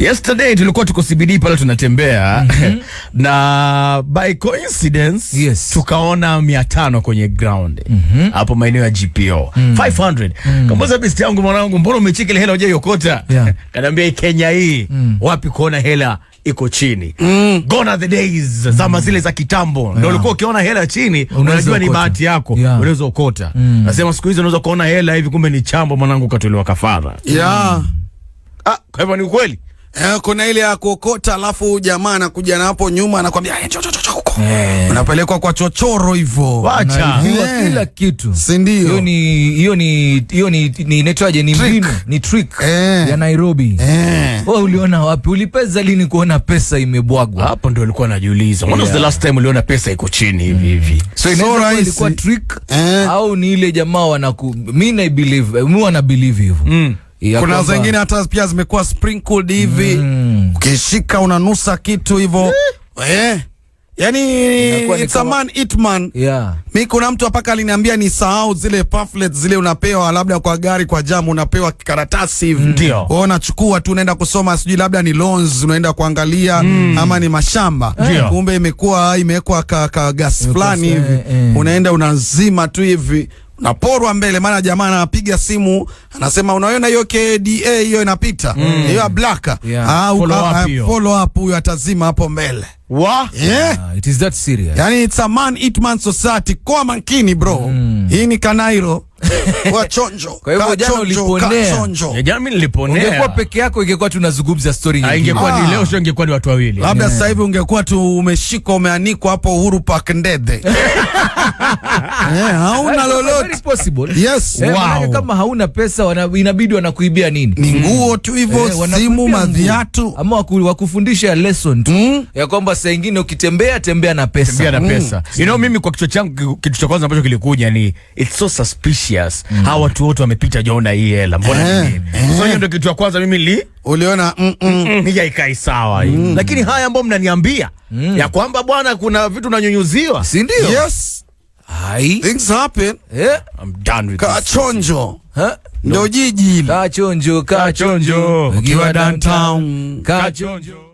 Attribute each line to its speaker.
Speaker 1: Yesterday tulikuwa tuko CBD pale tunatembea, mm -hmm. na by coincidence yes. tukaona mia tano kwenye ground mhm. hapo mm -hmm. maeneo ya GPO mm -hmm. 500 mm -hmm. besti yangu, mwanangu, mbona umechika ile hela yokota? yeah. kanaambia Kenya hii mm -hmm. wapi kuona hela iko chini mm. Gone are the days mm. Zama zile za kitambo yeah. Ndio ulikuwa ukiona hela chini unajua ni bahati yako yeah. Unaweza ukota mm. Nasema siku hizi unaweza kuona hela hivi, kumbe ni chambo mwanangu, katolewa kafara
Speaker 2: yeah. mm.
Speaker 1: Ah, kwa hivyo ni ukweli Eh, kuna ile ya kuokota alafu jamaa anakuja na hapo nyuma anakuambia eh, huko. hey. Eh. Unapelekwa kwa chochoro hivyo,
Speaker 2: wacha eh. kila kitu, si ndio? Hiyo ni hiyo ni hiyo ni ni inaitwaje, ni trick. mbinu, ni trick ya Nairobi. Wewe uliona wapi? Ulipeza lini kuona pesa imebwagwa?
Speaker 1: Hapo ndio alikuwa anajiuliza, when was the last time uliona pesa iko chini hivi mm. hivi?
Speaker 2: So inaweza ilikuwa trick au ni ile jamaa wanaku, mimi na believe, mimi wana believe hivyo Mm
Speaker 1: kuna zengine hata pia zimekuwa sprinkled hivi mm. Ukishika unanusa kitu hivyo eh, eh. yani it's a man eat man yeah. Mi kuna mtu mpaka aliniambia ni sahau zile pamphlets zile unapewa labda kwa gari kwa jamu unapewa karatasi hivi mm. ndio mm. Oh, Unachukua tu unaenda kusoma sijui labda ni loans unaenda kuangalia mm. ama ni mashamba yeah. Kumbe imekuwa imewekwa ka, ka gas fulani hivi eh, eh. Unaenda unazima tu hivi naporwa mbele, maana jamaa anapiga simu anasema, unaona hiyo KDA hiyo inapita mm. hiyo mm. blaka yeah. ah, ah follow up huyo atazima hapo mbele wa yeah. yeah,
Speaker 2: it is that serious
Speaker 1: yani, it's a man eat man society, kwa makini bro mm. hii ni kanairo Wachonjo. Kwa
Speaker 2: hivyo jana uliponea. Jana mimi niliponea.
Speaker 1: Ungekuwa peke yako ingekuwa tunazungumza story
Speaker 2: nyingine. Ingekuwa ni ah. leo sio ingekuwa ni watu wawili.
Speaker 1: Labda sasa hivi ungekuwa tu umeshikwa umeanikwa hapo Uhuru Park Ndede. Eh, hauna lolote. Possible. Yes.
Speaker 2: Eh, wow. Kama hauna pesa inabidi wanakuibia nini?
Speaker 1: Ni mm. nguo tu hivyo, eh, simu, madhiatu.
Speaker 2: Ama wakufundisha lesson tu hmm? ya kwamba saa nyingine ukitembea tembea na pesa.
Speaker 1: Tembea na hmm. pesa. You know mimi kwa kichwa changu kitu cha kwanza ambacho kilikuja ni it's so suspicious ambitious mm. hawa watu wote wamepita Jona hii hela mbona nini? Eh, eh. So hiyo ndio kitu ya kwanza mimi li
Speaker 2: uliona mm -mm. mm, mm
Speaker 1: hii haikai sawa mm. lakini haya ambao mnaniambia mm. ya kwamba bwana, kuna vitu nanyunyuziwa, si ndio? Yes, hai things happen yeah. I'm done with Kachonjo huh? Ndo jiji
Speaker 2: Kachonjo, Kachonjo
Speaker 1: ukiwa downtown
Speaker 2: Kachonjo